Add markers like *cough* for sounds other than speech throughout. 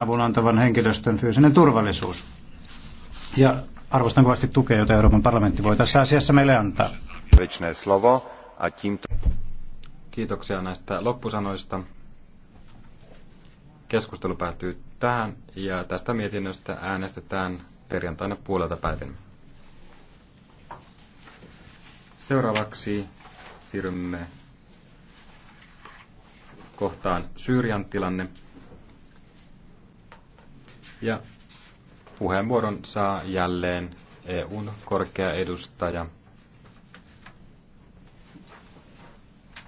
avun antavan henkilöstön fyysinen turvallisuus. Ja arvostan kovasti tukea, jota Euroopan parlamentti voi tässä asiassa meille antaa. Kiitoksia näistä loppusanoista. Keskustelu päättyy tähän ja tästä mietinnöstä äänestetään perjantaina puolelta päivin. Seuraavaksi siirrymme kohtaan Syyrian tilanne. Ja puheenvuoron saa jälleen EUn korkea edustaja.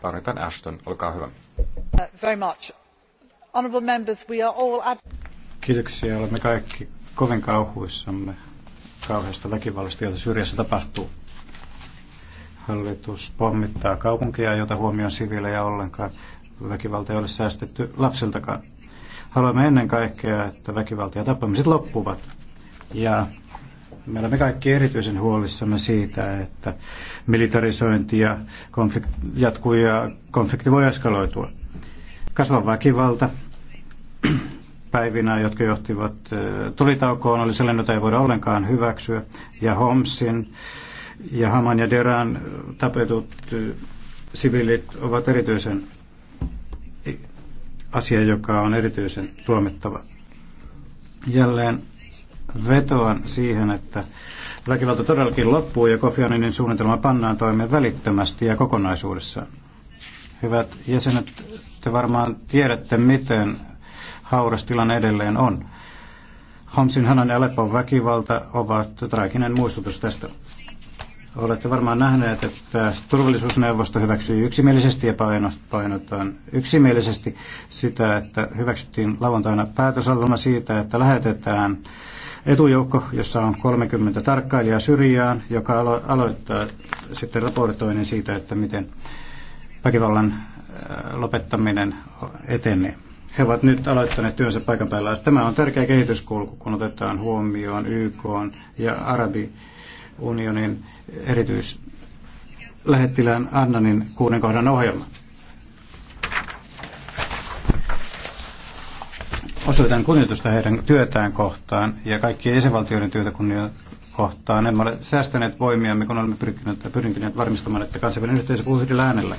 Parantan Ashton, olkaa hyvä. Uh, very much. honourable members, we are all... Kiitoksia, olemme kaikki kovin kauhuissamme kauheasta väkivallasta, jota syrjässä tapahtuu. Hallitus pommittaa kaupunkia, jota huomioon siviilejä ollenkaan. Väkivalta ei ole säästetty lapsiltakaan Haluamme ennen kaikkea, että väkivalta ja tappamiset loppuvat. Ja me olemme kaikki erityisen huolissamme siitä, että militarisointi ja konflikt, jatkuu ja konflikti voi eskaloitua. Kasvava väkivalta päivinä, jotka johtivat tulitaukoon, oli sellainen, jota ei voida ollenkaan hyväksyä. Ja Homsin ja Haman ja Deran tapetut siviilit ovat erityisen asia, joka on erityisen tuomittava. Jälleen vetoan siihen, että väkivalta todellakin loppuu ja Kofi suunnitelma pannaan toimeen välittömästi ja kokonaisuudessaan. Hyvät jäsenet, te varmaan tiedätte, miten hauras tilanne edelleen on. Homsin Hanan ja Aleppon väkivalta ovat traaginen muistutus tästä. Olette varmaan nähneet, että turvallisuusneuvosto hyväksyi yksimielisesti ja painotaan yksimielisesti sitä, että hyväksyttiin lauantaina päätösalluma siitä, että lähetetään etujoukko, jossa on 30 tarkkailijaa Syrjään, joka alo- aloittaa sitten raportoinnin siitä, että miten väkivallan äh, lopettaminen etenee. He ovat nyt aloittaneet työnsä paikan päällä. Tämä on tärkeä kehityskulku, kun otetaan huomioon YK ja Arabi unionin erityislähettilään Annanin kuuden kohdan ohjelma. Osoitan kunnioitusta heidän työtään kohtaan ja kaikkien jäsenvaltioiden työtä kohtaan. Emme ole säästäneet voimiamme, kun olemme pyrkineet, pyrkineet varmistamaan, että kansainvälinen yhteisö puhuu yhdellä äänellä.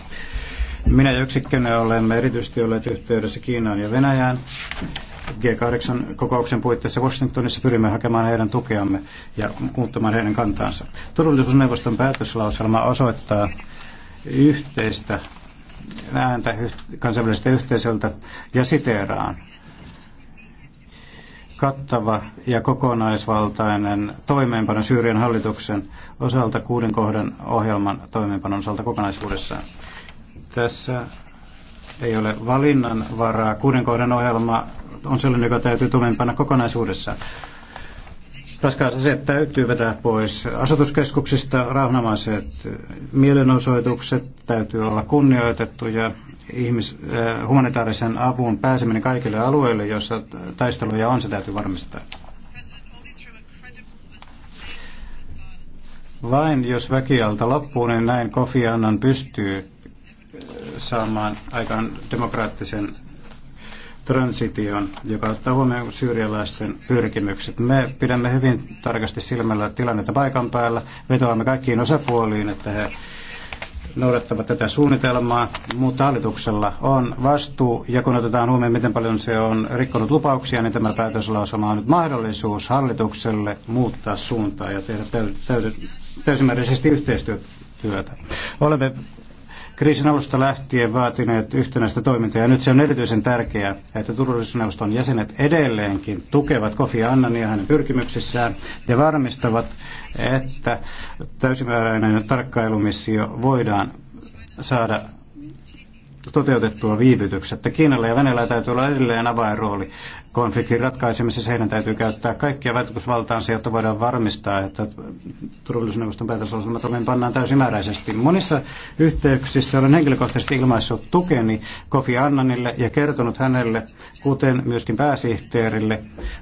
Minä ja yksikkönä olemme erityisesti olleet yhteydessä Kiinaan ja Venäjään G8-kokouksen puitteissa Washingtonissa pyrimme hakemaan heidän tukeamme ja muuttamaan heidän kantaansa. Turvallisuusneuvoston päätöslauselma osoittaa yhteistä ääntä kansainväliseltä yhteisöltä ja siteeraan kattava ja kokonaisvaltainen toimeenpano Syyrian hallituksen osalta kuuden kohdan ohjelman toimeenpanon osalta kokonaisuudessaan. Tässä ei ole valinnan varaa. Kuuden kohdan ohjelma on sellainen, joka täytyy toimeenpanna kokonaisuudessaan. aseet täytyy vetää pois asutuskeskuksista, rauhanomaiset mielenosoitukset täytyy olla kunnioitettu ja ihmis, äh, humanitaarisen avun pääseminen kaikille alueille, joissa taisteluja on, se täytyy varmistaa. Vain jos väkialta loppuu, niin näin Kofi Annan pystyy äh, saamaan aikaan demokraattisen transition, joka ottaa huomioon syyrialaisten pyrkimykset. Me pidämme hyvin tarkasti silmällä tilannetta paikan päällä, vetoamme kaikkiin osapuoliin, että he noudattavat tätä suunnitelmaa, mutta hallituksella on vastuu, ja kun otetaan huomioon, miten paljon se on rikkonut lupauksia, niin tämä päätöslausuma on nyt mahdollisuus hallitukselle muuttaa suuntaa ja tehdä täysimääräisesti yhteistyötä. Olemme kriisin alusta lähtien vaatineet yhtenäistä toimintaa, ja nyt se on erityisen tärkeää, että turvallisuusneuvoston jäsenet edelleenkin tukevat Kofi Annania hänen pyrkimyksissään ja varmistavat, että täysimääräinen tarkkailumissio voidaan saada toteutettua viivytyksettä. Kiinalla ja Venäjällä täytyy olla edelleen avainrooli konfliktin ratkaisemisessa. Heidän täytyy käyttää kaikkia vaikutusvaltaansa, jotta voidaan varmistaa, että turvallisuusneuvoston päätösohjelma toimeenpannaan täysimääräisesti. Monissa yhteyksissä olen henkilökohtaisesti ilmaissut tukeni Kofi Annanille ja kertonut hänelle, kuten myöskin pääsihteerille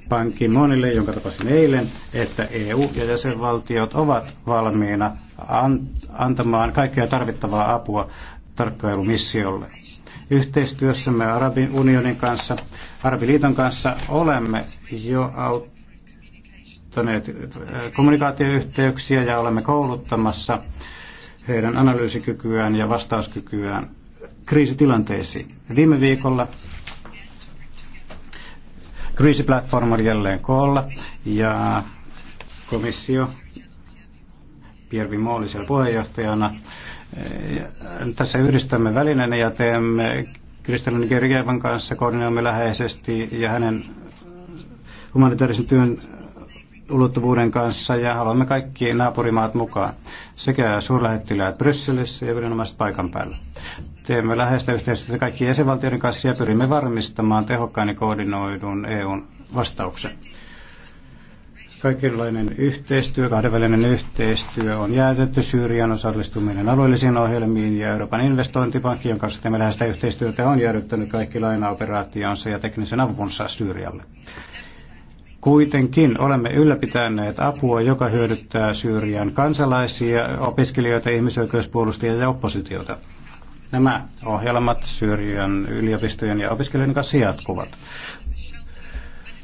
Ban monille jonka tapasin eilen, että EU ja jäsenvaltiot ovat valmiina antamaan kaikkea tarvittavaa apua tarkkailumissiolle. Yhteistyössämme Arabin unionin kanssa, Arabiliiton kanssa olemme jo auttaneet äh, kommunikaatioyhteyksiä ja olemme kouluttamassa heidän analyysikykyään ja vastauskykyään kriisitilanteisiin. Viime viikolla kriisiplatform oli jälleen koolla ja komissio Pierre Vimo siellä puheenjohtajana tässä yhdistämme välineenä ja teemme Kristalin Gergievan kanssa koordinoimme läheisesti ja hänen humanitaarisen työn ulottuvuuden kanssa ja haluamme kaikki naapurimaat mukaan, sekä suurlähettiläät Brysselissä ja viranomaiset paikan päällä. Teemme läheistä yhteistyötä kaikkien jäsenvaltioiden kanssa ja pyrimme varmistamaan tehokkaan ja koordinoidun EUn vastauksen. Kaikenlainen yhteistyö, kahdenvälinen yhteistyö on jäätetty Syyrian osallistuminen alueellisiin ohjelmiin ja Euroopan investointipankki, jonka kanssa teemme läheistä yhteistyötä, on jäädyttänyt kaikki lainaoperaationsa ja teknisen avunsa Syyrialle. Kuitenkin olemme ylläpitäneet apua, joka hyödyttää Syyrian kansalaisia, opiskelijoita, ihmisoikeuspuolustajia ja oppositiota. Nämä ohjelmat Syyrian yliopistojen ja opiskelijoiden kanssa jatkuvat.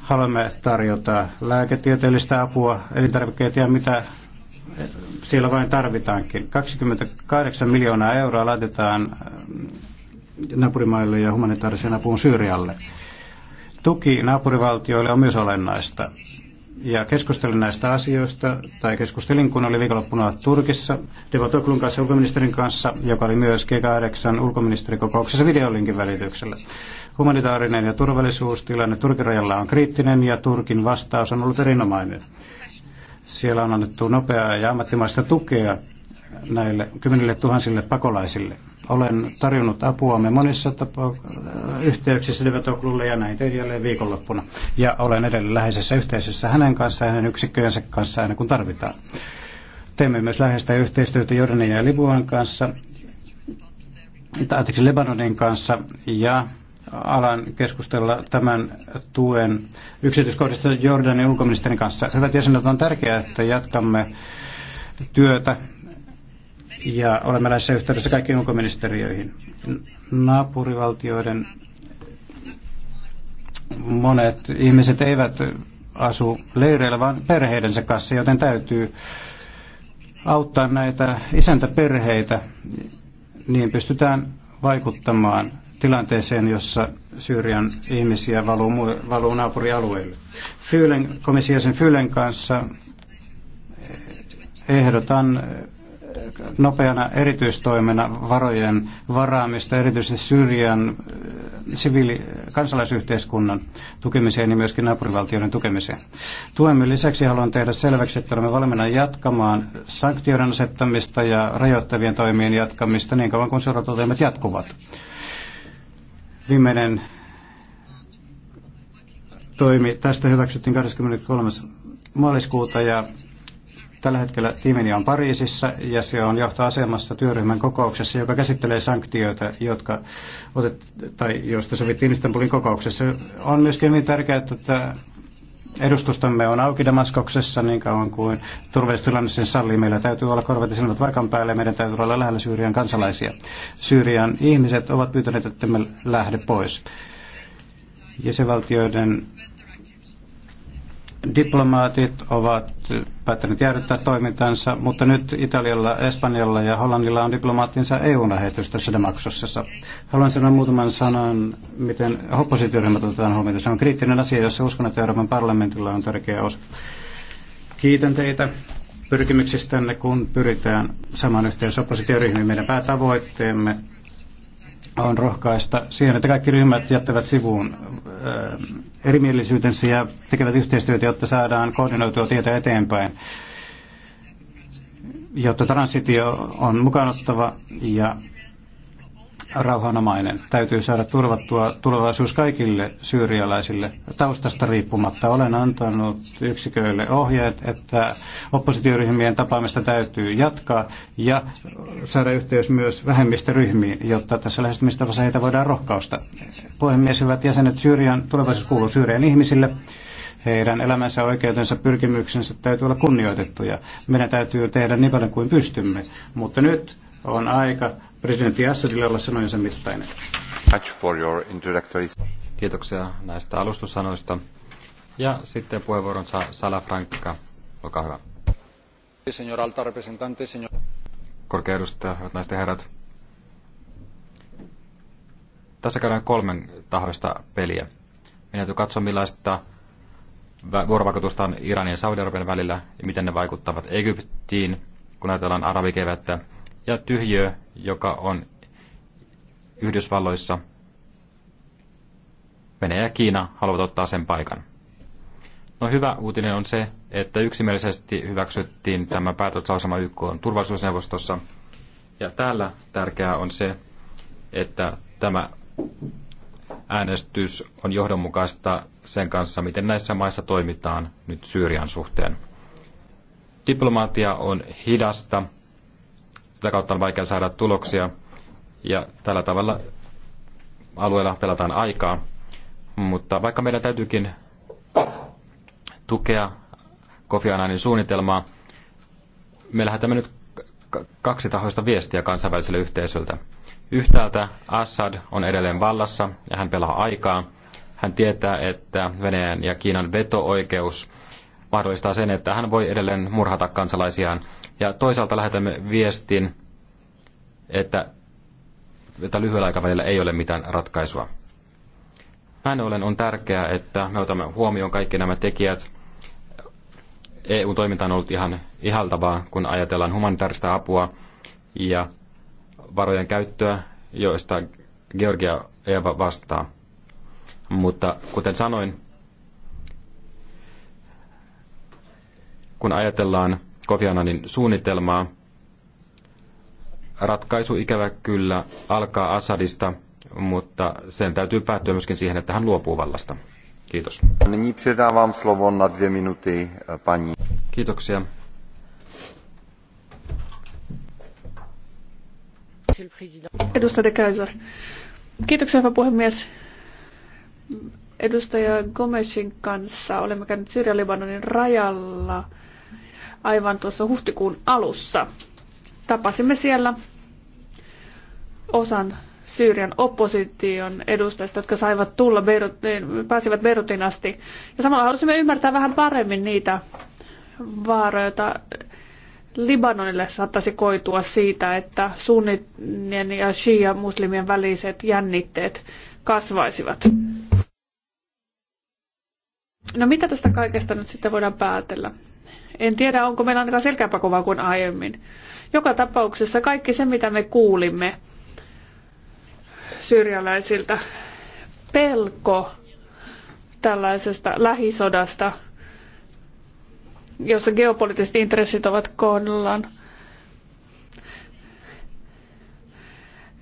Haluamme tarjota lääketieteellistä apua, elintarvikkeita ja mitä siellä vain tarvitaankin. 28 miljoonaa euroa laitetaan äh, naapurimaille ja humanitaarisen apuun Syyrialle. Tuki naapurivaltioille on myös olennaista. Ja keskustelin näistä asioista, tai keskustelin kun oli viikonloppuna Turkissa, Devotoklun kanssa ulkoministerin kanssa, joka oli myös G8 ulkoministerikokouksessa videolinkin välityksellä. Humanitaarinen ja turvallisuustilanne Turkin rajalla on kriittinen ja Turkin vastaus on ollut erinomainen. Siellä on annettu nopeaa ja ammattimaista tukea näille kymmenille tuhansille pakolaisille. Olen tarjonnut apuamme monissa tapa- yhteyksissä Devetoklulle ja näin tein jälleen viikonloppuna. Ja olen edelleen läheisessä yhteisössä hänen kanssaan ja hänen yksikköjensä kanssa aina kun tarvitaan. Teemme myös läheistä yhteistyötä Jordanian ja Libuan kanssa, anteeksi, Libanonin kanssa ja alan keskustella tämän tuen yksityiskohdista Jordanin ulkoministerin kanssa. Hyvät jäsenet, on tärkeää, että jatkamme työtä ja olemme näissä yhteydessä kaikkiin ulkoministeriöihin. Naapurivaltioiden monet ihmiset eivät asu leireillä, vaan perheidensä kanssa, joten täytyy auttaa näitä isäntäperheitä, niin pystytään vaikuttamaan tilanteeseen, jossa Syyrian ihmisiä valuu, valuu naapurialueille. Fyylen, komissiosen Fyylen kanssa ehdotan nopeana erityistoimena varojen varaamista erityisesti Syyrian äh, siviili- kansalaisyhteiskunnan tukemiseen ja myöskin naapurivaltioiden tukemiseen. Tuemme lisäksi haluan tehdä selväksi, että olemme valmiina jatkamaan sanktioiden asettamista ja rajoittavien toimien jatkamista niin kauan kuin seuratoimet jatkuvat. Viimeinen toimi tästä hyväksyttiin 23. maaliskuuta ja tällä hetkellä tiimini on Pariisissa ja se on johtoasemassa työryhmän kokouksessa, joka käsittelee sanktioita, jotka otet, tai joista sovittiin Istanbulin kokouksessa. On myöskin hyvin tärkeää, että Edustustamme on auki Damaskoksessa niin kauan kuin turvallisuustilanne sen sallii. Meillä täytyy olla korvat silmät paikan päälle ja meidän täytyy olla lähellä Syyrian kansalaisia. Syyrian ihmiset ovat pyytäneet, että me lähde pois. Jäsenvaltioiden Diplomaatit ovat päättäneet jäädyttää toimintansa, mutta nyt Italialla, Espanjalla ja Hollannilla on diplomaattinsa EU-lähetystössä Demaksossa. Haluan sanoa muutaman sanan, miten oppositioryhmät otetaan huomioon. Se on kriittinen asia, jossa uskon, että Euroopan parlamentilla on tärkeä osa. Kiitän teitä pyrkimyksistänne, kun pyritään saman yhteys oppositioryhmiin. Meidän päätavoitteemme on rohkaista siihen, että kaikki ryhmät jättävät sivuun äh, erimielisyytensä ja tekevät yhteistyötä, jotta saadaan koordinoitua tietä eteenpäin, jotta transitio on mukaanottava ja rauhanomainen. Täytyy saada turvattua tulevaisuus kaikille syyrialaisille taustasta riippumatta. Olen antanut yksiköille ohjeet, että oppositioryhmien tapaamista täytyy jatkaa ja saada yhteys myös vähemmistöryhmiin, jotta tässä lähestymistavassa heitä voidaan rohkausta. Puhemies, hyvät jäsenet, Syyrian tulevaisuus kuuluu Syyrian ihmisille heidän elämänsä, oikeutensa, pyrkimyksensä täytyy olla kunnioitettuja. Meidän täytyy tehdä niin paljon kuin pystymme. Mutta nyt on aika presidentti Assadilla olla sanojensa mittainen. Kiitoksia näistä alustussanoista. Ja sitten puheenvuoron saa Sala Frankka. Olkaa hyvä. Señor alta representante, señor... Korkea edustaja, hyvät naiset ja herrat. Tässä käydään kolmen tahoista peliä. Meidän täytyy katsoa, millaista vuorovaikutusta on Iranin ja Saudi-Arabian välillä ja miten ne vaikuttavat Egyptiin, kun ajatellaan arabikevättä ja tyhjö, joka on Yhdysvalloissa. Venäjä ja Kiina haluavat ottaa sen paikan. No hyvä uutinen on se, että yksimielisesti hyväksyttiin tämä päätöslausema YK on turvallisuusneuvostossa. Ja täällä tärkeää on se, että tämä äänestys on johdonmukaista sen kanssa, miten näissä maissa toimitaan nyt Syyrian suhteen. Diplomaatia on hidasta, sitä kautta on vaikea saada tuloksia ja tällä tavalla alueella pelataan aikaa. Mutta vaikka meidän täytyykin tukea Kofi Annanin suunnitelmaa, me lähetämme nyt kaksi tahoista viestiä kansainväliselle yhteisöltä. Yhtäältä Assad on edelleen vallassa ja hän pelaa aikaa. Hän tietää, että Venäjän ja Kiinan veto-oikeus mahdollistaa sen, että hän voi edelleen murhata kansalaisiaan ja toisaalta lähetämme viestin, että, että lyhyellä aikavälillä ei ole mitään ratkaisua. Näin ollen on tärkeää, että me otamme huomioon kaikki nämä tekijät. EU-toiminta on ollut ihan ihaltavaa, kun ajatellaan humanitaarista apua ja varojen käyttöä, joista Georgia Eva vastaa. Mutta kuten sanoin, kun ajatellaan Kofi Annanin suunnitelmaa. Ratkaisu ikävä kyllä alkaa Assadista, mutta sen täytyy päättyä myöskin siihen, että hän luopuu vallasta. Kiitos. Nyní předávám slovo na dvě minuty eh, paní. Kiitoksia. Edustaja de Kaiser. Kiitoksia, hyvä puhemies. Edustaja Gomesin kanssa olemme käyneet Syyrian-Libanonin rajalla – aivan tuossa huhtikuun alussa. Tapasimme siellä osan Syyrian opposition edustajista, jotka saivat tulla Beirutin, pääsivät Beirutin asti. Ja samalla halusimme ymmärtää vähän paremmin niitä vaaroja, joita Libanonille saattaisi koitua siitä, että sunnien ja shia muslimien väliset jännitteet kasvaisivat. No mitä tästä kaikesta nyt sitten voidaan päätellä? En tiedä, onko meillä ainakaan selkäpakova kuin aiemmin. Joka tapauksessa kaikki se, mitä me kuulimme syyrialaisilta, pelko tällaisesta lähisodasta, jossa geopoliittiset intressit ovat kohdallaan,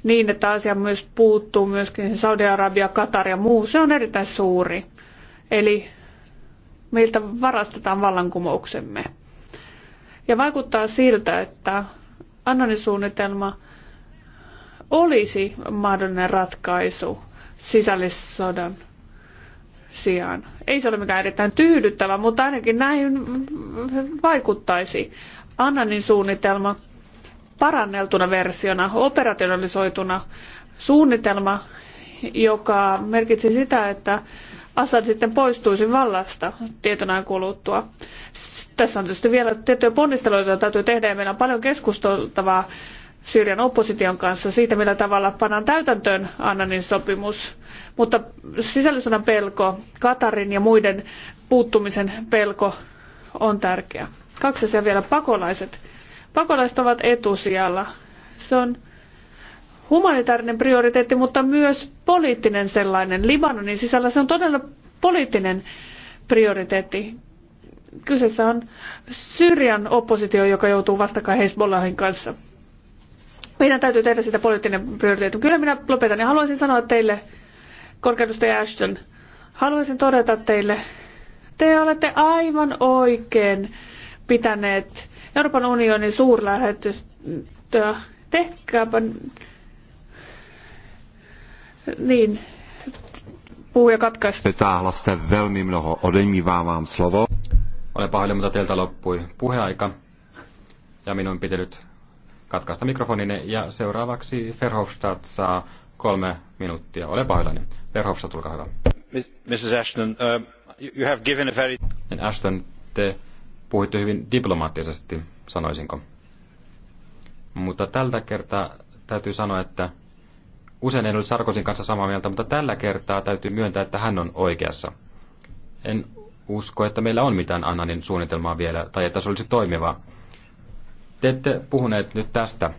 niin, että asia myös puuttuu myöskin Saudi-Arabia, Katar ja muu, se on erittäin suuri. Eli meiltä varastetaan vallankumouksemme. Ja vaikuttaa siltä, että Annanin suunnitelma olisi mahdollinen ratkaisu sisällissodan sijaan. Ei se ole mikään erittäin tyydyttävä, mutta ainakin näin vaikuttaisi. Annanin suunnitelma paranneltuna versiona, operationalisoituna suunnitelma, joka merkitsi sitä, että Assad sitten poistuisi vallasta tietyn kuluttua. Tässä on tietysti vielä tiettyjä ponnisteluja, joita täytyy tehdä ja meillä on paljon keskusteltavaa Syyrian opposition kanssa siitä, millä tavalla pannaan täytäntöön Annanin sopimus. Mutta sisällissodan pelko, Katarin ja muiden puuttumisen pelko on tärkeä. Kaksi asiaa vielä, pakolaiset. Pakolaiset ovat etusijalla. Se on humanitaarinen prioriteetti, mutta myös poliittinen sellainen. Libanonin sisällä se on todella poliittinen prioriteetti. Kyseessä on Syyrian oppositio, joka joutuu vastakkain Hezbollahin kanssa. Meidän täytyy tehdä sitä poliittinen prioriteetti. Kyllä minä lopetan ja haluaisin sanoa teille, korkeudustaja Ashton, haluaisin todeta teille, te olette aivan oikein pitäneet Euroopan unionin suurlähetystöä. Tehkääpä niin, puhuja katkaisi. Vytáhla velmi mnoho, odejmívám vám slovo. Olen pahoillani, mutta teiltä loppui puheaika ja minun piti katkaista mikrofoninne. Ja seuraavaksi Verhofstadt saa kolme minuuttia. Ole pahoillani. Verhofstadt, olkaa hyvä. Mrs. Ashton, uh, you have given a very... Ashton, te puhuitte hyvin diplomaattisesti, sanoisinko. Mutta tältä kertaa täytyy sanoa, että Usein en ole Sarkosin kanssa samaa mieltä, mutta tällä kertaa täytyy myöntää, että hän on oikeassa. En usko, että meillä on mitään Annanin suunnitelmaa vielä, tai että se olisi toimiva. Te ette puhuneet nyt tästä.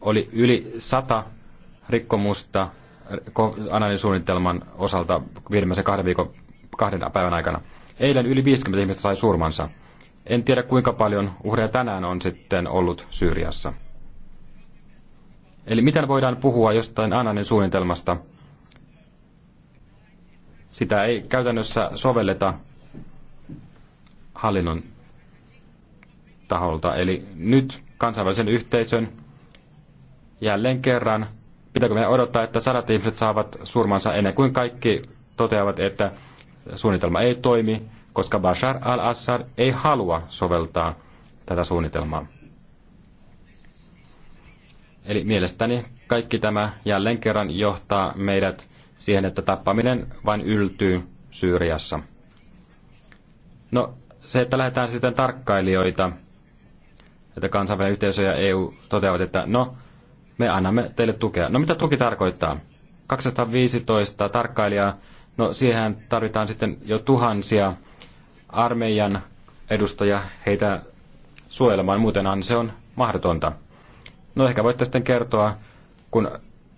Oli yli sata rikkomusta eh, Annanin suunnitelman osalta viimeisen kahden viikon kahden päivän aikana. Eilen yli 50 ihmistä sai surmansa. En tiedä kuinka paljon uhreja tänään on sitten ollut Syyriassa. Eli miten voidaan puhua jostain Ananin suunnitelmasta? Sitä ei käytännössä sovelleta hallinnon taholta. Eli nyt kansainvälisen yhteisön jälleen kerran, pitääkö meidän odottaa, että sadat ihmiset saavat surmansa ennen kuin kaikki toteavat, että suunnitelma ei toimi, koska Bashar al-Assad ei halua soveltaa tätä suunnitelmaa. Eli mielestäni kaikki tämä jälleen kerran johtaa meidät siihen, että tappaminen vain yltyy Syyriassa. No, se, että lähdetään sitten tarkkailijoita, että kansainvälinen yhteisö ja EU toteavat, että no, me annamme teille tukea. No mitä tuki tarkoittaa? 215 tarkkailijaa, no siihen tarvitaan sitten jo tuhansia armeijan edustajia heitä suojelemaan, muutenhan se on mahdotonta. No ehkä voitte sitten kertoa, kun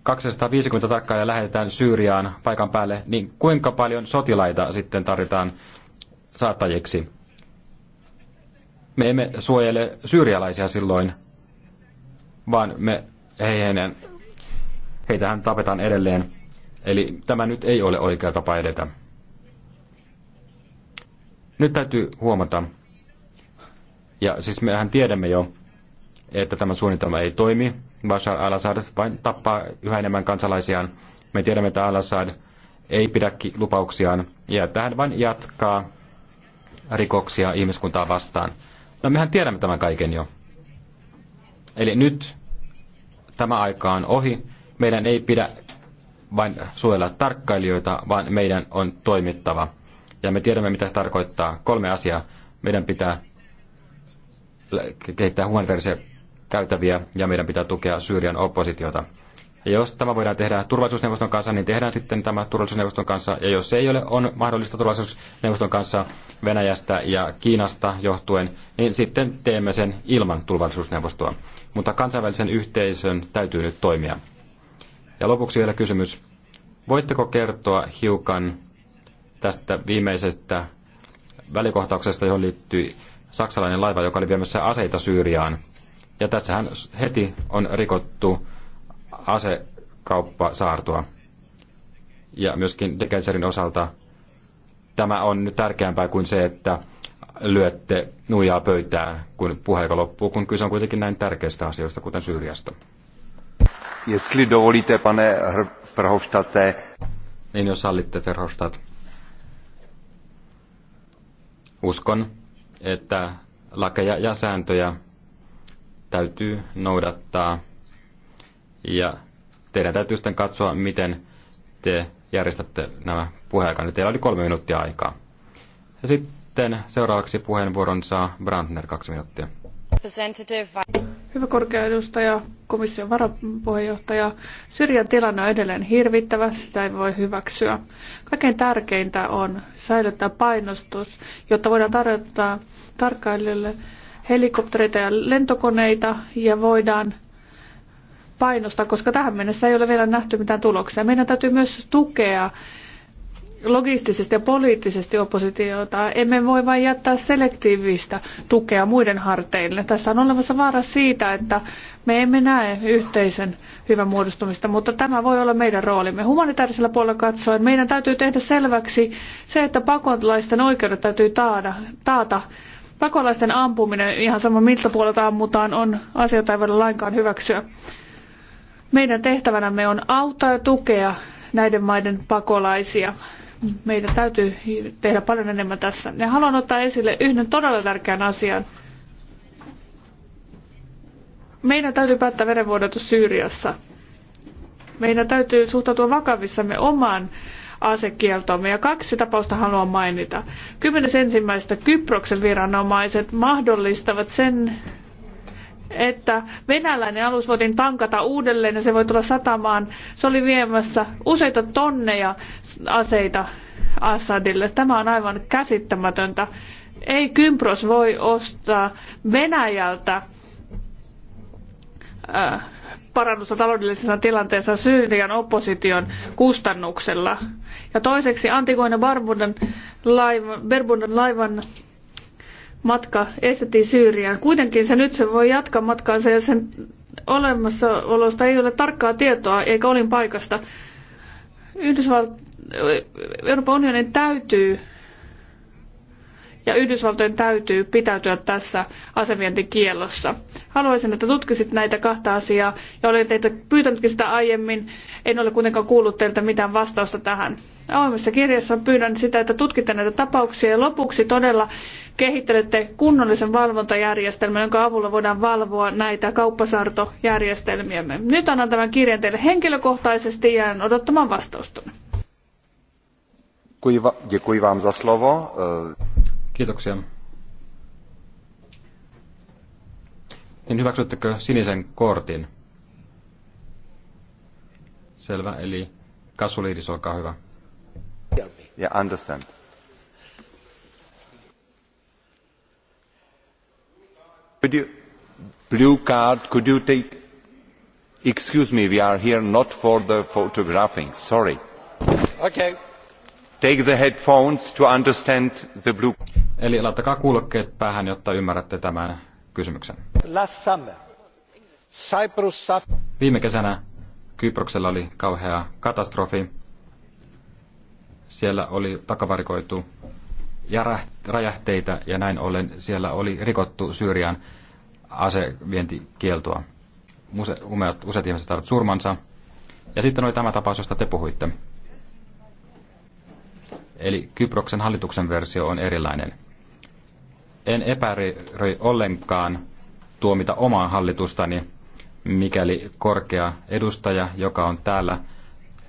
250 tarkkailijaa lähetetään Syyriaan paikan päälle, niin kuinka paljon sotilaita sitten tarvitaan saattajiksi? Me emme suojele syyrialaisia silloin, vaan me heidän, heitähän tapetaan edelleen. Eli tämä nyt ei ole oikea tapa edetä. Nyt täytyy huomata, ja siis mehän tiedämme jo, että tämä suunnitelma ei toimi. Bashar al-Assad vain tappaa yhä enemmän kansalaisiaan. Me tiedämme, että al-Assad ei pidä lupauksiaan ja että hän vain jatkaa rikoksia ihmiskuntaa vastaan. No mehän tiedämme tämän kaiken jo. Eli nyt tämä aika on ohi. Meidän ei pidä vain suojella tarkkailijoita, vaan meidän on toimittava. Ja me tiedämme, mitä se tarkoittaa. Kolme asiaa. Meidän pitää kehittää humanitaarisia käytäviä ja meidän pitää tukea Syyrian oppositiota. Ja jos tämä voidaan tehdä turvallisuusneuvoston kanssa, niin tehdään sitten tämä turvallisuusneuvoston kanssa. Ja jos se ei ole on mahdollista turvallisuusneuvoston kanssa Venäjästä ja Kiinasta johtuen, niin sitten teemme sen ilman turvallisuusneuvostoa. Mutta kansainvälisen yhteisön täytyy nyt toimia. Ja lopuksi vielä kysymys. Voitteko kertoa hiukan tästä viimeisestä välikohtauksesta, johon liittyi saksalainen laiva, joka oli viemässä aseita Syyriaan? Ja tässähän heti on rikottu asekauppasaartoa. Ja myöskin De osalta tämä on nyt tärkeämpää kuin se, että lyötte nuijaa pöytään, kun puheeko loppuu, kun kyse on kuitenkin näin tärkeistä asioista, kuten Syyriasta. Jestli dovolite pane Verhofstadte. Niin, jos sallitte, Verhofstadt. Uskon, että lakeja ja sääntöjä täytyy noudattaa ja teidän täytyy sitten katsoa, miten te järjestätte nämä puheenaikaan. Teillä oli kolme minuuttia aikaa. Ja sitten seuraavaksi puheenvuoron saa Brandner kaksi minuuttia. Hyvä korkea edustaja, komission varapuheenjohtaja. Syrjän tilanne on edelleen hirvittävä, sitä ei voi hyväksyä. Kaikkein tärkeintä on säilyttää painostus, jotta voidaan tarjota tarkkailijoille helikoptereita ja lentokoneita ja voidaan painostaa, koska tähän mennessä ei ole vielä nähty mitään tuloksia. Meidän täytyy myös tukea logistisesti ja poliittisesti oppositiota. Emme voi vain jättää selektiivistä tukea muiden harteille. Tässä on olemassa vaara siitä, että me emme näe yhteisen hyvän muodostumista, mutta tämä voi olla meidän roolimme. Humanitaarisella puolella katsoen meidän täytyy tehdä selväksi se, että pakolaisten oikeudet täytyy taada, taata Pakolaisten ampuminen, ihan sama miltä puolelta ammutaan, on asioita ei voida lainkaan hyväksyä. Meidän tehtävänämme on auttaa ja tukea näiden maiden pakolaisia. Meidän täytyy tehdä paljon enemmän tässä. Ja haluan ottaa esille yhden todella tärkeän asian. Meidän täytyy päättää verenvuodatus Syyriassa. Meidän täytyy suhtautua vakavissamme omaan asekieltomme. Ja kaksi tapausta haluan mainita. ensimmäistä Kyproksen viranomaiset mahdollistavat sen, että venäläinen alus voitiin tankata uudelleen ja se voi tulla satamaan. Se oli viemässä useita tonneja aseita Assadille. Tämä on aivan käsittämätöntä. Ei Kypros voi ostaa Venäjältä Äh, parannusta taloudellisessa tilanteessa Syyrian opposition kustannuksella. Ja toiseksi Antigoina Barbudan laivan, Berbudan laivan matka estettiin Syyriaan. Kuitenkin se nyt se voi jatkaa matkaansa ja sen olemassaolosta ei ole tarkkaa tietoa eikä olin paikasta. Yhdysvalt- Euroopan unionin täytyy ja Yhdysvaltojen täytyy pitäytyä tässä asevientikiellossa. Haluaisin, että tutkisit näitä kahta asiaa ja olen teitä pyytänytkin sitä aiemmin. En ole kuitenkaan kuullut teiltä mitään vastausta tähän. Avoimessa kirjassa pyydän sitä, että tutkitte näitä tapauksia ja lopuksi todella kehittelette kunnollisen valvontajärjestelmän, jonka avulla voidaan valvoa näitä kauppasaartojärjestelmiämme. Nyt annan tämän kirjan teille henkilökohtaisesti ja jään odottamaan vastausta. Děkuji vám za slovo. Kiitoksia. Niin hyväksyttekö sinisen kortin? Selvä, eli Kasuliidis, olkaa hyvä. Yeah, understand. Could you, blue card, could you take... Excuse me, we are here not for the photographing, sorry. Okay. Take the headphones to understand the blue card Eli laittakaa kuulokkeet päähän, jotta ymmärrätte tämän kysymyksen. Last summer, Cyprus suffered... Viime kesänä Kyproksella oli kauhea katastrofi. Siellä oli takavarikoitu ja räjähteitä ja näin ollen siellä oli rikottu Syyrian asevientikieltoa. Useat, useat ihmiset saivat surmansa. Ja sitten oli tämä tapaus, josta te puhuitte. Eli Kyproksen hallituksen versio on erilainen en epäröi ollenkaan tuomita omaa hallitustani, mikäli korkea edustaja, joka on täällä,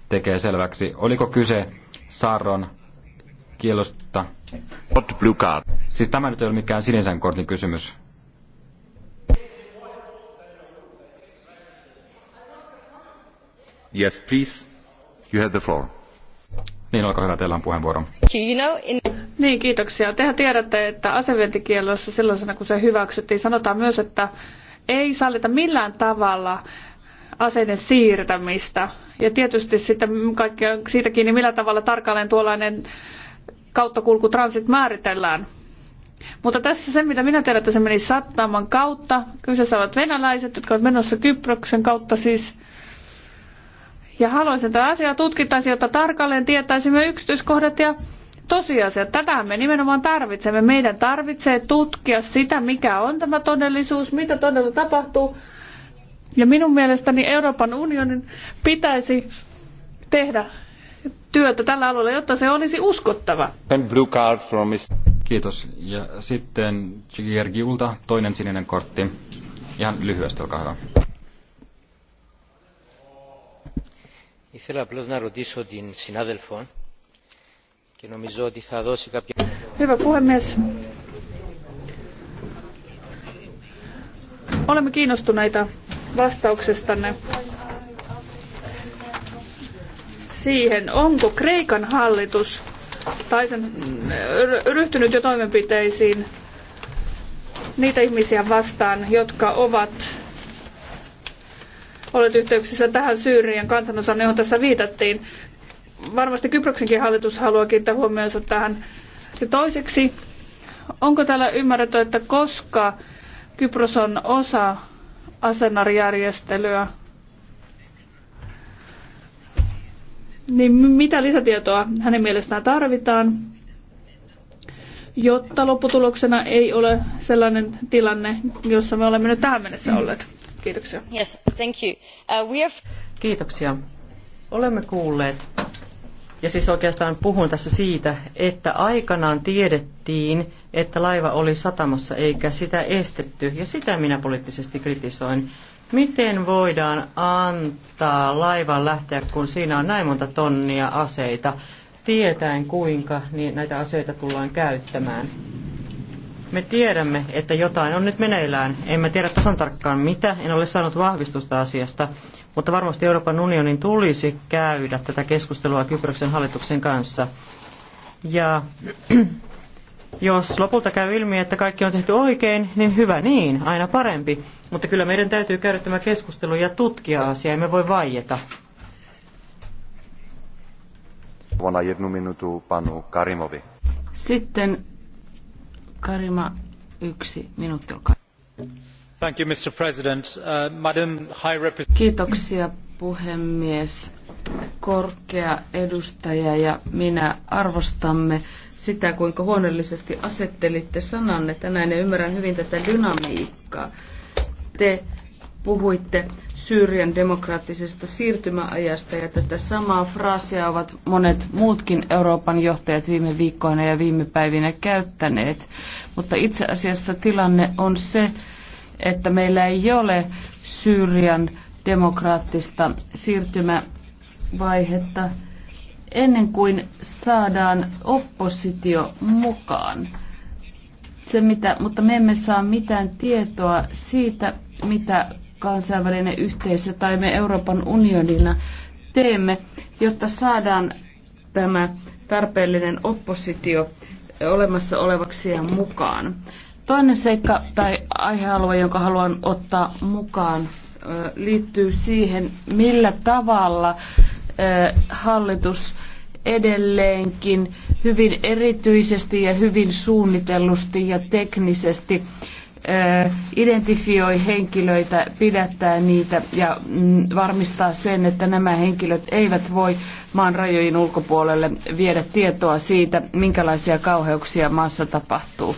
tekee selväksi, oliko kyse Sarron kielosta. Siis tämä nyt ei ole mikään sinisen kortin kysymys. Yes, please. You have the floor. Niin, olkaa hyvä, teillä on puheenvuoro. in... Niin, kiitoksia. Tehän tiedätte, että asevientikielossa sellaisena kun se hyväksyttiin, sanotaan myös, että ei sallita millään tavalla aseiden siirtämistä. Ja tietysti sitten on siitä kiinni, millä tavalla tarkalleen tuollainen kauttakulku transit määritellään. Mutta tässä se, mitä minä tiedän, että se meni Sattaman kautta. Kyseessä ovat venäläiset, jotka ovat menossa Kyproksen kautta siis. Ja haluaisin, että asiaa tutkittaisiin, jotta tarkalleen tietäisimme yksityiskohdat ja tosiasiat. Tätä me nimenomaan tarvitsemme. Meidän tarvitsee tutkia sitä, mikä on tämä todellisuus, mitä todella tapahtuu. Ja minun mielestäni Euroopan unionin pitäisi tehdä työtä tällä alueella, jotta se olisi uskottava. Blue card from his... Kiitos. Ja sitten Georgiulta toinen sininen kortti. Ihan lyhyesti, olkaa hyvä. Ήθελα απλώς να ρωτήσω την συνάδελφο Hyvä puhemies. Olemme kiinnostuneita vastauksestanne siihen, onko Kreikan hallitus tai sen äh, ryhtynyt jo toimenpiteisiin niitä ihmisiä vastaan, jotka ovat olleet yhteyksissä tähän Syyrian kansanosaan, johon tässä viitattiin varmasti Kyproksenkin hallitus haluaa kiinnittää huomionsa tähän. Ja toiseksi, onko täällä ymmärretty, että koska Kypros on osa asenarjärjestelyä, niin mitä lisätietoa hänen mielestään tarvitaan, jotta lopputuloksena ei ole sellainen tilanne, jossa me olemme nyt tähän mennessä olleet? Kiitoksia. Yes, thank you. Uh, we have... Kiitoksia. Olemme kuulleet ja siis oikeastaan puhun tässä siitä, että aikanaan tiedettiin, että laiva oli satamassa eikä sitä estetty. Ja sitä minä poliittisesti kritisoin. Miten voidaan antaa laivan lähteä, kun siinä on näin monta tonnia aseita, tietäen kuinka niin näitä aseita tullaan käyttämään? Me tiedämme, että jotain on nyt meneillään. Emme tiedä tasan tarkkaan mitä, en ole saanut vahvistusta asiasta, mutta varmasti Euroopan unionin tulisi käydä tätä keskustelua Kyproksen hallituksen kanssa. Ja *clears throat* jos lopulta käy ilmi, että kaikki on tehty oikein, niin hyvä niin, aina parempi. Mutta kyllä meidän täytyy käydä tämä keskustelu ja tutkia asiaa, emme voi vaieta. Vuonna jednu minuutu panu Karimovi. Sitten Karima, yksi minuutti, Thank you, Mr. President. Uh, Madam High Representative. Kiitoksia, puhemies. Korkea edustaja ja minä arvostamme sitä, kuinka huonollisesti asettelitte sananne tänään ja ymmärrän hyvin tätä dynamiikkaa. Te puhuitte Syyrian demokraattisesta siirtymäajasta ja tätä samaa fraasia ovat monet muutkin Euroopan johtajat viime viikkoina ja viime päivinä käyttäneet. Mutta itse asiassa tilanne on se, että meillä ei ole Syyrian demokraattista siirtymävaihetta ennen kuin saadaan oppositio mukaan. Se mitä, mutta me emme saa mitään tietoa siitä, mitä kansainvälinen yhteisö tai me Euroopan unionina teemme, jotta saadaan tämä tarpeellinen oppositio olemassa olevaksi ja mukaan. Toinen seikka tai aihealue, jonka haluan ottaa mukaan, liittyy siihen, millä tavalla hallitus edelleenkin hyvin erityisesti ja hyvin suunnitellusti ja teknisesti identifioi henkilöitä, pidättää niitä ja mm, varmistaa sen, että nämä henkilöt eivät voi maan rajojen ulkopuolelle viedä tietoa siitä, minkälaisia kauheuksia maassa tapahtuu.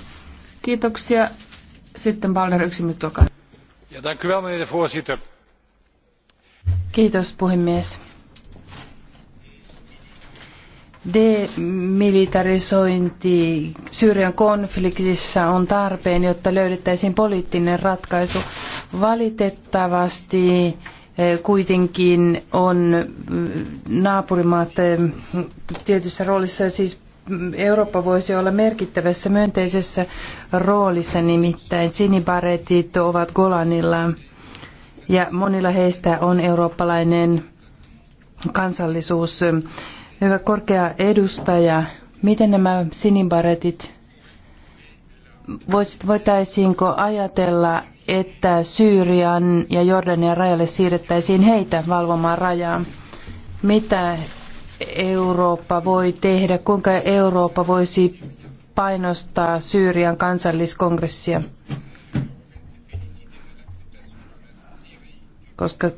Kiitoksia. Sitten Balder, yksi minuutti, olkaa. Ja, dank u Kiitos, puhemies demilitarisointi Syyrian konfliktissa on tarpeen, jotta löydettäisiin poliittinen ratkaisu. Valitettavasti eh, kuitenkin on mm, naapurimaat eh, tietyssä roolissa, siis mm, Eurooppa voisi olla merkittävässä myönteisessä roolissa, nimittäin sinibaretit ovat Golanilla ja monilla heistä on eurooppalainen kansallisuus. Hyvä korkea edustaja, miten nämä sinibaretit, voitaisiinko ajatella, että Syyrian ja Jordanian rajalle siirrettäisiin heitä valvomaan rajaa? Mitä Eurooppa voi tehdä, kuinka Eurooppa voisi painostaa Syyrian kansalliskongressia? Koska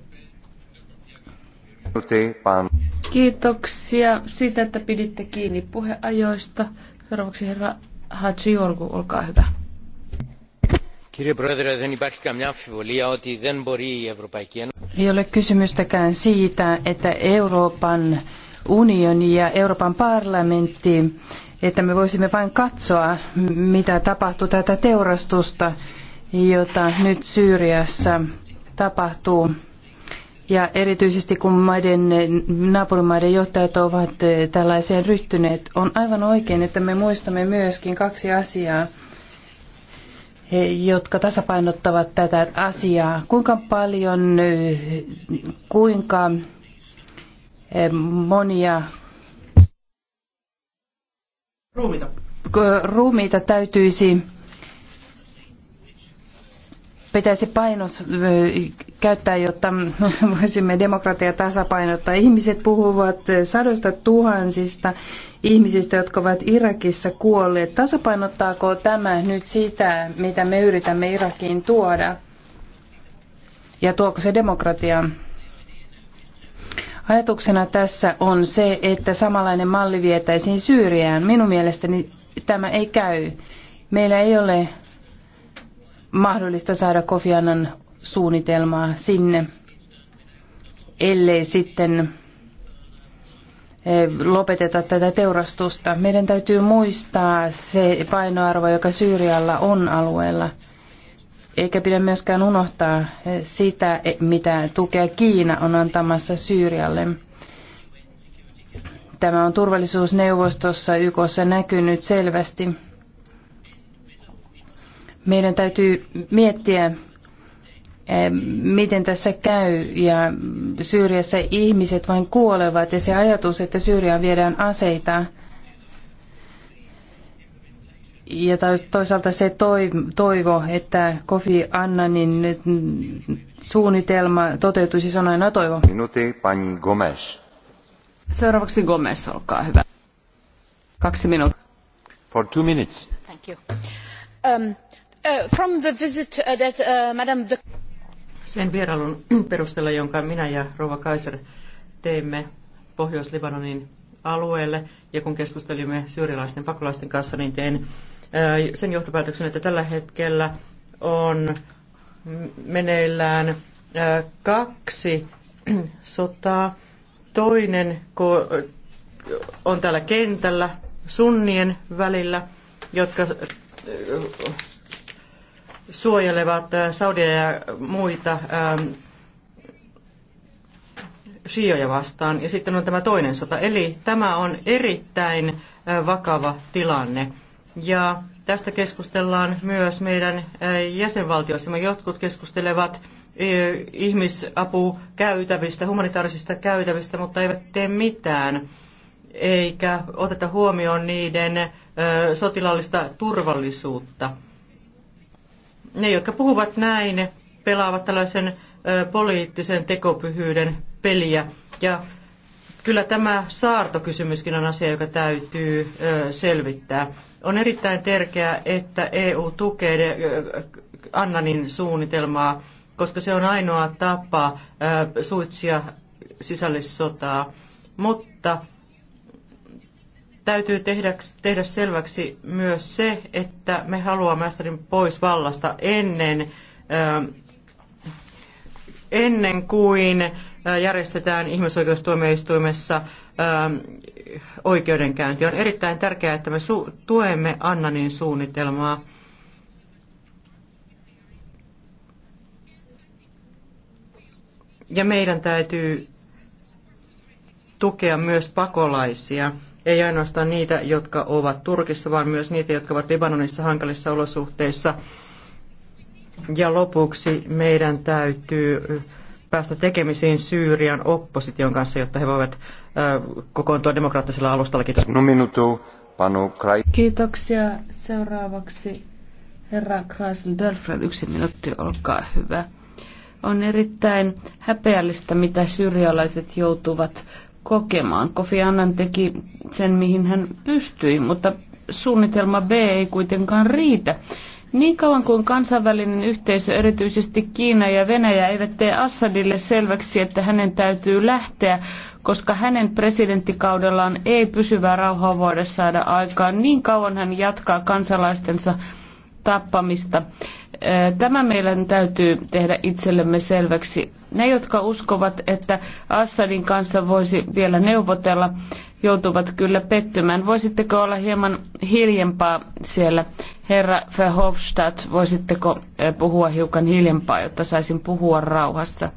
Kiitoksia siitä, että piditte kiinni puheajoista. Seuraavaksi herra Hatsi Jorgu, olkaa hyvä. Ei ole kysymystäkään siitä, että Euroopan unioni ja Euroopan parlamentti, että me voisimme vain katsoa, mitä tapahtuu tätä teurastusta, jota nyt Syyriassa tapahtuu. Ja erityisesti kun maiden, naapurimaiden johtajat ovat eh, tällaiseen ryhtyneet, on aivan oikein, että me muistamme myöskin kaksi asiaa, eh, jotka tasapainottavat tätä asiaa. Kuinka paljon, eh, kuinka monia ruumiita, ruumiita täytyisi pitäisi painos käyttää, jotta *laughs* voisimme demokratia tasapainottaa. Ihmiset puhuvat sadoista tuhansista ihmisistä, jotka ovat Irakissa kuolleet. Tasapainottaako tämä nyt sitä, mitä me yritämme Irakiin tuoda? Ja tuoko se demokratiaan? Ajatuksena tässä on se, että samanlainen malli vietäisiin Syyriään. Minun mielestäni tämä ei käy. Meillä ei ole mahdollista saada Kofi Annan suunnitelmaa sinne, ellei sitten eh, lopeteta tätä teurastusta. Meidän täytyy muistaa se painoarvo, joka Syyrialla on alueella. Eikä pidä myöskään unohtaa eh, sitä, eh, mitä tukea Kiina on antamassa Syyrialle. Tämä on turvallisuusneuvostossa YKssa näkynyt selvästi meidän täytyy miettiä, eh, miten tässä käy. Ja Syyriassa ihmiset vain kuolevat ja se ajatus, että Syyriaan viedään aseita ja toisaalta se toivo, että Kofi Annanin suunnitelma toteutuisi, se on aina toivo. Minuti, pani Gomes. Seuraavaksi Gomes, olkaa hyvä. Kaksi minuuttia. For two minutes. Thank you. Um, Uh, from the visit uh, that uh, Madam the... Sen vierailun perusteella, jonka minä ja Rova Kaiser teimme Pohjois-Libanonin alueelle, ja kun keskustelimme syyrialaisten pakolaisten kanssa, niin tein sen johtopäätöksen, että tällä hetkellä on meneillään kaksi *clears throat* sotaa. Toinen on täällä kentällä sunnien välillä, jotka suojelevat Saudia ja muita shioja vastaan. Ja sitten on tämä toinen sota. Eli tämä on erittäin vakava tilanne. Ja tästä keskustellaan myös meidän jäsenvaltioissamme. Jotkut keskustelevat ihmisapukäytävistä, humanitaarisista käytävistä, mutta eivät tee mitään eikä oteta huomioon niiden sotilaallista turvallisuutta – ne, jotka puhuvat näin, pelaavat tällaisen poliittisen tekopyhyyden peliä. Ja kyllä tämä saartokysymyskin on asia, joka täytyy selvittää. On erittäin tärkeää, että EU tukee Annanin suunnitelmaa, koska se on ainoa tapa suitsia sisällissotaa. Mutta täytyy tehdä, tehdä selväksi myös se, että me haluamme Assadin pois vallasta ennen, ähm, ennen kuin äh, järjestetään ihmisoikeustuomioistuimessa ähm, oikeudenkäynti. On erittäin tärkeää, että me tuemme Annanin suunnitelmaa. Ja meidän täytyy tukea myös pakolaisia ei ainoastaan niitä, jotka ovat Turkissa, vaan myös niitä, jotka ovat Libanonissa hankalissa olosuhteissa. Ja lopuksi meidän täytyy eh, päästä tekemisiin Syyrian opposition kanssa, jotta he voivat eh, kokoontua demokraattisella alustalla. Kiitos. No Kiitoksia. Seuraavaksi herra Kreisel Dörfler, yksi minuutti, olkaa hyvä. On erittäin häpeällistä, mitä syrjäläiset joutuvat kokemaan. Kofi Annan teki sen, mihin hän pystyi, mutta suunnitelma B ei kuitenkaan riitä. Niin kauan kuin kansainvälinen yhteisö, erityisesti Kiina ja Venäjä, eivät tee Assadille selväksi, että hänen täytyy lähteä, koska hänen presidenttikaudellaan ei pysyvää rauhaa voida saada aikaan, niin kauan hän jatkaa kansalaistensa tappamista. Tämä meidän täytyy tehdä itsellemme selväksi. Ne, jotka uskovat, että Assadin kanssa voisi vielä neuvotella, joutuvat kyllä pettymään. Voisitteko olla hieman hiljempaa siellä? Herra Verhofstadt, voisitteko puhua hiukan hiljempaa, jotta saisin puhua rauhassa?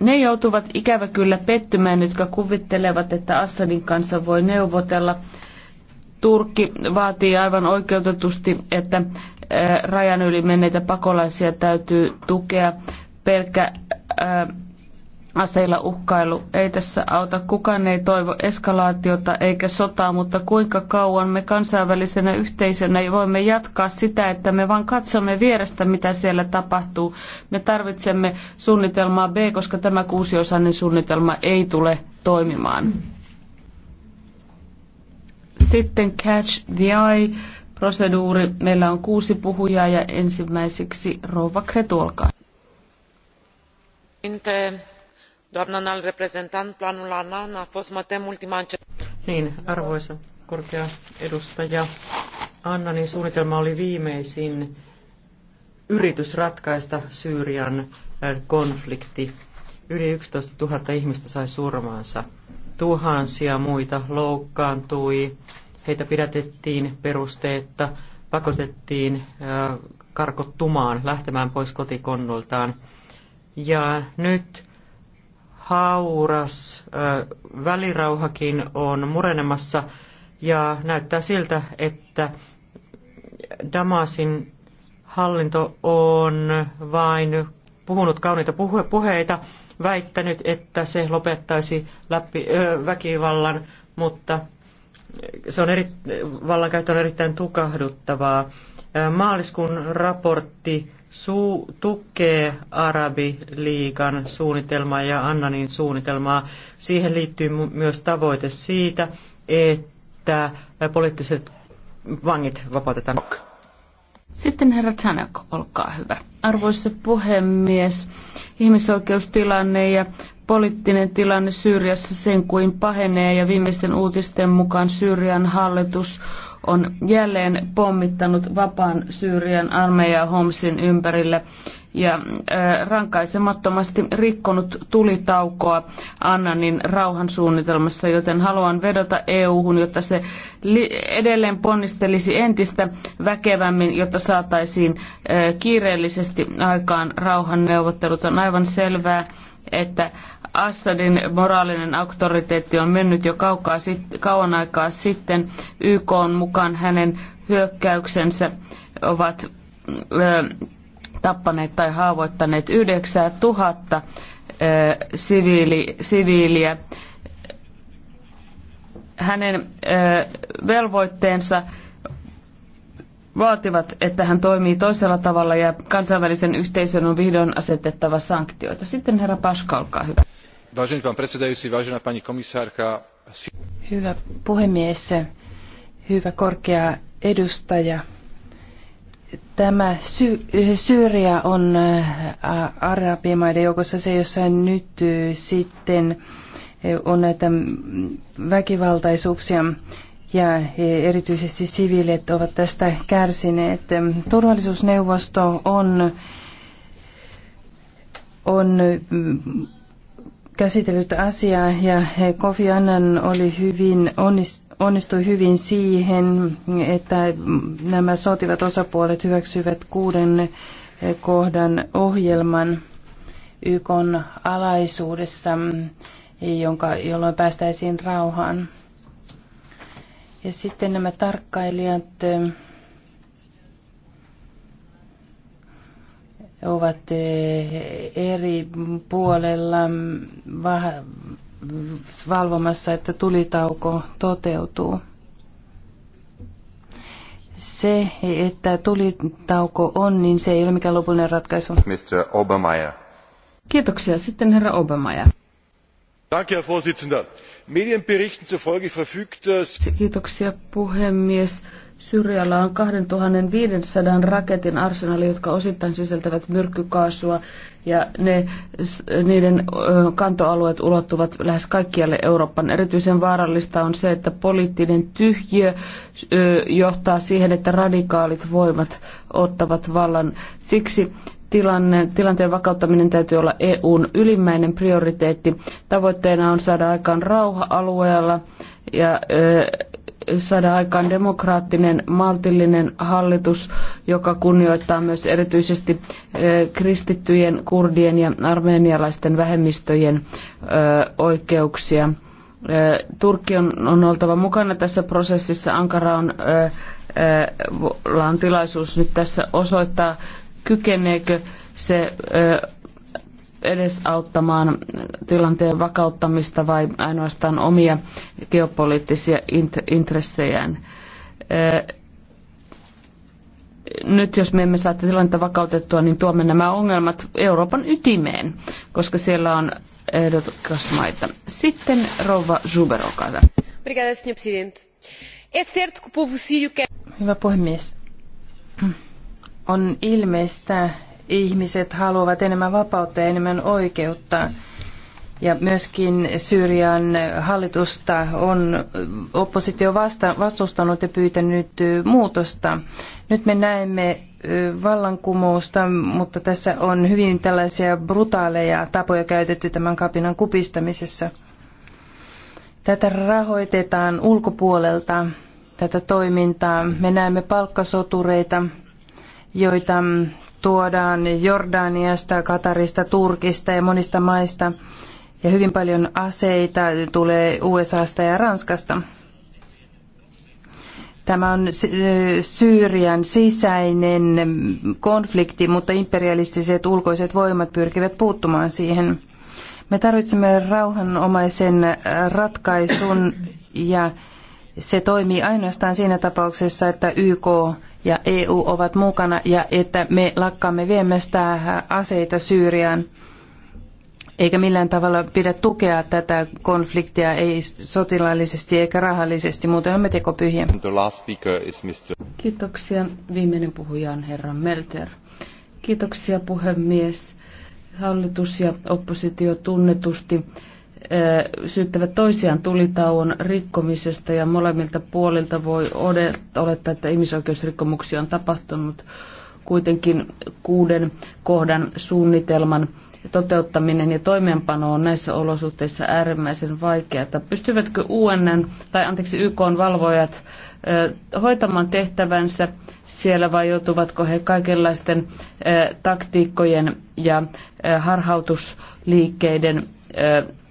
Ne joutuvat ikävä kyllä pettymään, jotka kuvittelevat, että Assadin kanssa voi neuvotella. Turkki vaatii aivan oikeutetusti, että rajan yli menneitä pakolaisia täytyy tukea. Pelkkä aseilla uhkailu ei tässä auta. Kukaan ei toivo eskalaatiota eikä sotaa, mutta kuinka kauan me kansainvälisenä yhteisönä voimme jatkaa sitä, että me vain katsomme vierestä, mitä siellä tapahtuu. Me tarvitsemme suunnitelmaa B, koska tämä kuusiosainen suunnitelma ei tule toimimaan. Sitten Catch the Eye. Proseduuri. Meillä on kuusi puhujaa ja ensimmäiseksi Rouva Kretu, olkaa. Niin, arvoisa korkea edustaja niin suunnitelma oli viimeisin yritys ratkaista Syyrian äh, konflikti. Yli 11 000 ihmistä sai surmaansa tuhansia muita loukkaantui, heitä pidätettiin perusteetta, pakotettiin karkottumaan, lähtemään pois kotikonnoltaan. Ja nyt hauras välirauhakin on murenemassa ja näyttää siltä, että Damasin hallinto on vain puhunut kauniita puheita väittänyt, että se lopettaisi läpi, ö, väkivallan, mutta se on eri, vallankäyttö on erittäin tukahduttavaa. Maaliskuun raportti suu, tukee Arabiliigan suunnitelmaa ja Annanin suunnitelmaa. Siihen liittyy myös tavoite siitä, että poliittiset vangit vapautetaan. Sitten herra Tanak, olkaa hyvä. Arvoisa puhemies, ihmisoikeustilanne ja poliittinen tilanne Syyriassa sen kuin pahenee ja viimeisten uutisten mukaan Syyrian hallitus on jälleen pommittanut vapaan Syyrian armeijaa Homsin ympärille ja äh, rankaisemattomasti rikkonut tulitaukoa Annanin rauhansuunnitelmassa, joten haluan vedota EU-hun, jotta se edelleen ponnistelisi entistä väkevämmin, jotta saataisiin äh, kiireellisesti aikaan rauhanneuvottelut. On aivan selvää, että Assadin moraalinen auktoriteetti on mennyt jo kaukaa sit, kauan aikaa sitten. YK on mukaan hänen hyökkäyksensä ovat ö, tappaneet tai haavoittaneet 9000 ö, siviili, siviiliä. Hänen ö, velvoitteensa vaativat, että hän toimii toisella tavalla ja kansainvälisen yhteisön on vihdoin asetettava sanktioita. Sitten herra Paska, olkaa hyvä. Hyvä puhemies, hyvä korkea edustaja. Tämä Syyria on äh, arabimaiden joukossa se, jossa nyt äh, sitten äh, on näitä väkivaltaisuuksia ja erityisesti siviilit ovat tästä kärsineet. Turvallisuusneuvosto on, on käsitellyt asiaa ja Kofi Annan oli hyvin onnistui hyvin siihen, että nämä sotivat osapuolet hyväksyivät kuuden kohdan ohjelman YK alaisuudessa, jonka, jolloin päästäisiin rauhaan. Ja sitten nämä tarkkailijat ovat eh, eri puolella valvomassa, että tulitauko toteutuu. Se, että tulitauko on, niin se ei ole mikään lopullinen ratkaisu. Mr. Obermeier. Kiitoksia. Sitten herra Obermeier. Danke, Herr Vorsitzender. Medienberichten zufolge verfügt... Kiitoksia, puhemies. Syyrialla on 2500 raketin arsenaali, jotka osittain sisältävät myrkkykaasua ja ne, niiden kantoalueet ulottuvat lähes kaikkialle Euroopan. Erityisen vaarallista on se, että poliittinen tyhjiö johtaa siihen, että radikaalit voimat ottavat vallan. Siksi tilanne, tilanteen vakauttaminen täytyy olla EUn ylimmäinen prioriteetti. Tavoitteena on saada aikaan rauha alueella ja saada aikaan demokraattinen, maltillinen hallitus, joka kunnioittaa myös erityisesti eh, kristittyjen, kurdien ja armenialaisten vähemmistöjen oikeuksia. Eh, Turkki on, on oltava mukana tässä prosessissa. Ankara on, eh, on tilaisuus nyt tässä osoittaa, kykeneekö se edesauttamaan tilanteen vakauttamista vai ainoastaan omia geopoliittisia int- intressejään. Nyt jos me emme saa tilannetta vakautettua, niin tuomme nämä ongelmat Euroopan ytimeen, koska siellä on ehdokasmaita. Sitten rouva Zuber, olkaa hyvä. Hyvä puhemies. On ilmeistä, ihmiset haluavat enemmän vapautta ja enemmän oikeutta. Ja myöskin Syyrian hallitusta on oppositio vasta, vastustanut ja pyytänyt muutosta. Nyt me näemme vallankumousta, mutta tässä on hyvin tällaisia brutaaleja tapoja käytetty tämän kapinan kupistamisessa. Tätä rahoitetaan ulkopuolelta, tätä toimintaa. Me näemme palkkasotureita, joita tuodaan Jordaniasta, Katarista, Turkista ja monista maista. Ja hyvin paljon aseita tulee USAsta ja Ranskasta. Tämä on Syyrian sisäinen konflikti, mutta imperialistiset ulkoiset voimat pyrkivät puuttumaan siihen. Me tarvitsemme rauhanomaisen ratkaisun ja se toimii ainoastaan siinä tapauksessa, että YK ja EU ovat mukana ja että me lakkaamme viemästä aseita Syyriaan. Eikä millään tavalla pidä tukea tätä konfliktia, ei sotilaallisesti eikä rahallisesti, muuten olemme tekopyhiä. Kiitoksia. Viimeinen puhuja on herra Melter. Kiitoksia puhemies. Hallitus ja oppositio tunnetusti syyttävät toisiaan tulitauon rikkomisesta ja molemmilta puolilta voi olettaa, että ihmisoikeusrikkomuksia on tapahtunut. Kuitenkin kuuden kohdan suunnitelman toteuttaminen ja toimeenpano on näissä olosuhteissa äärimmäisen vaikeaa. Pystyvätkö UNN tai anteeksi YK valvojat hoitamaan tehtävänsä siellä vai joutuvatko he kaikenlaisten taktiikkojen ja harhautusliikkeiden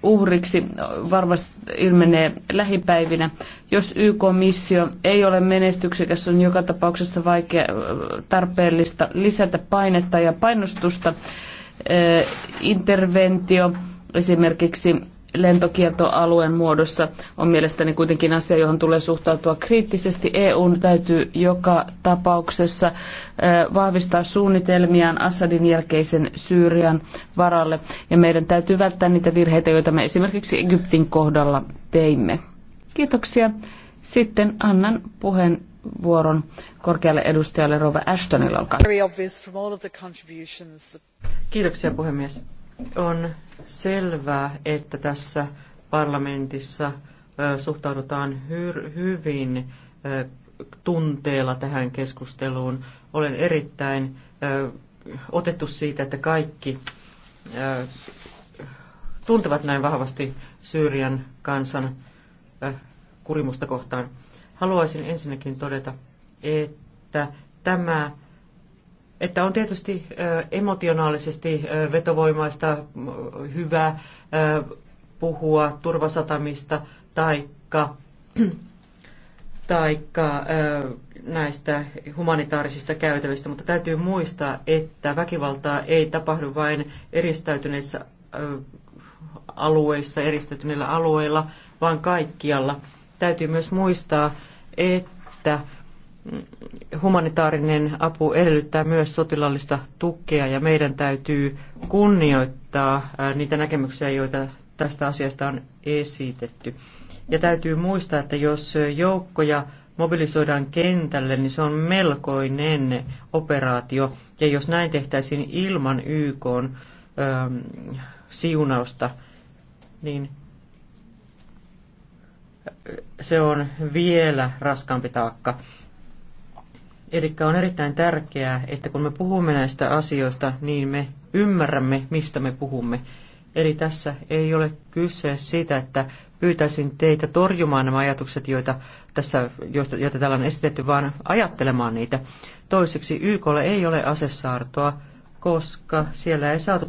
uhriksi varmasti ilmenee lähipäivinä. Jos YK-missio ei ole menestyksekäs, on joka tapauksessa vaikea, tarpeellista lisätä painetta ja painostusta. Interventio esimerkiksi lentokieltoalueen muodossa on mielestäni kuitenkin asia, johon tulee suhtautua kriittisesti. EUn täytyy joka tapauksessa vahvistaa suunnitelmiaan Assadin jälkeisen Syyrian varalle ja meidän täytyy välttää niitä virheitä, joita me esimerkiksi Egyptin kohdalla teimme. Kiitoksia. Sitten annan puheen vuoron korkealle edustajalle Rova Ashtonille. Olkaa. Kiitoksia puhemies on selvää, että tässä parlamentissa suhtaudutaan hyvin tunteella tähän keskusteluun. Olen erittäin otettu siitä, että kaikki tuntevat näin vahvasti Syyrian kansan kurimusta kohtaan. Haluaisin ensinnäkin todeta, että tämä että on tietysti emotionaalisesti vetovoimaista hyvä puhua turvasatamista taikka, *clears throat* taikka näistä humanitaarisista käytävistä, mutta täytyy muistaa, että väkivaltaa ei tapahdu vain eristäytyneissä alueissa, eristäytyneillä alueilla, vaan kaikkialla. Täytyy myös muistaa, että humanitaarinen apu edellyttää myös sotilaallista tukea ja meidän täytyy kunnioittaa niitä näkemyksiä, joita tästä asiasta on esitetty. Ja täytyy muistaa, että jos joukkoja mobilisoidaan kentälle, niin se on melkoinen operaatio. Ja jos näin tehtäisiin ilman YK ähm, siunausta, niin se on vielä raskaampi taakka. Eli on erittäin tärkeää, että kun me puhumme näistä asioista, niin me ymmärrämme, mistä me puhumme. Eli tässä ei ole kyse siitä, että pyytäisin teitä torjumaan nämä ajatukset, joita, tässä, joista, joita täällä on esitetty, vaan ajattelemaan niitä. Toiseksi YKlle ei ole asessaartoa, koska siellä ei saatu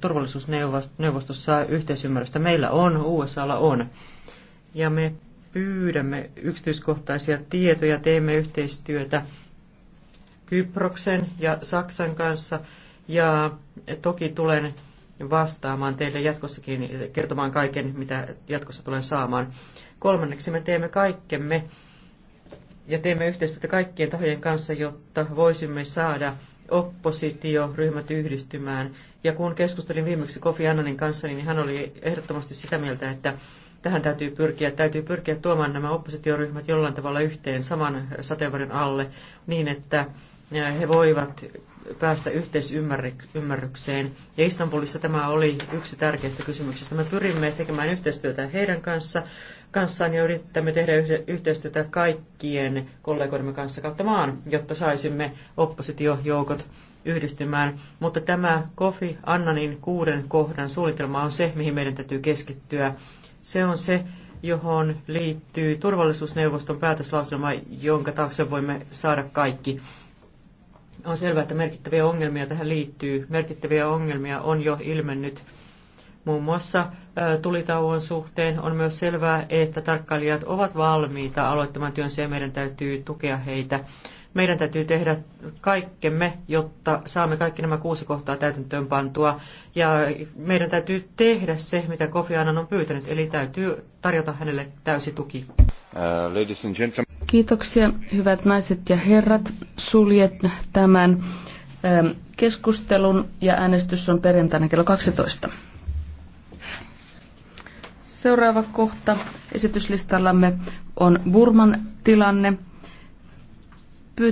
turvallisuusneuvostossa yhteisymmärrystä. Meillä on, USAlla on. Ja me pyydämme yksityiskohtaisia tietoja, teemme yhteistyötä Kyproksen ja Saksan kanssa ja toki tulen vastaamaan teille jatkossakin, kertomaan kaiken, mitä jatkossa tulen saamaan. Kolmanneksi me teemme kaikkemme ja teemme yhteistyötä kaikkien tahojen kanssa, jotta voisimme saada oppositioryhmät yhdistymään. Ja kun keskustelin viimeksi Kofi Annanin kanssa, niin hän oli ehdottomasti sitä mieltä, että tähän täytyy pyrkiä. Täytyy pyrkiä tuomaan nämä oppositioryhmät jollain tavalla yhteen saman sateenvarjon alle niin, että he voivat päästä yhteisymmärrykseen. Ja Istanbulissa tämä oli yksi tärkeistä kysymyksistä. Me pyrimme tekemään yhteistyötä heidän kanssa, kanssaan ja yrittämme tehdä yhteistyötä kaikkien kollegoidemme kanssa kautta maan, jotta saisimme oppositiojoukot yhdistymään. Mutta tämä Kofi Annanin kuuden kohdan suunnitelma on se, mihin meidän täytyy keskittyä. Se on se, johon liittyy turvallisuusneuvoston päätöslauselma, jonka taakse voimme saada kaikki on selvää, että merkittäviä ongelmia tähän liittyy. Merkittäviä ongelmia on jo ilmennyt muun muassa tulitauon suhteen. On myös selvää, että tarkkailijat ovat valmiita aloittamaan työnsä ja meidän täytyy tukea heitä meidän täytyy tehdä kaikkemme, jotta saamme kaikki nämä kuusi kohtaa täytäntöön pantua. Ja meidän täytyy tehdä se, mitä Kofi Annan on pyytänyt, eli täytyy tarjota hänelle täysi tuki. Uh, Kiitoksia, hyvät naiset ja herrat. Suljet tämän um, keskustelun ja äänestys on perjantaina kello 12. Seuraava kohta esityslistallamme on Burman tilanne.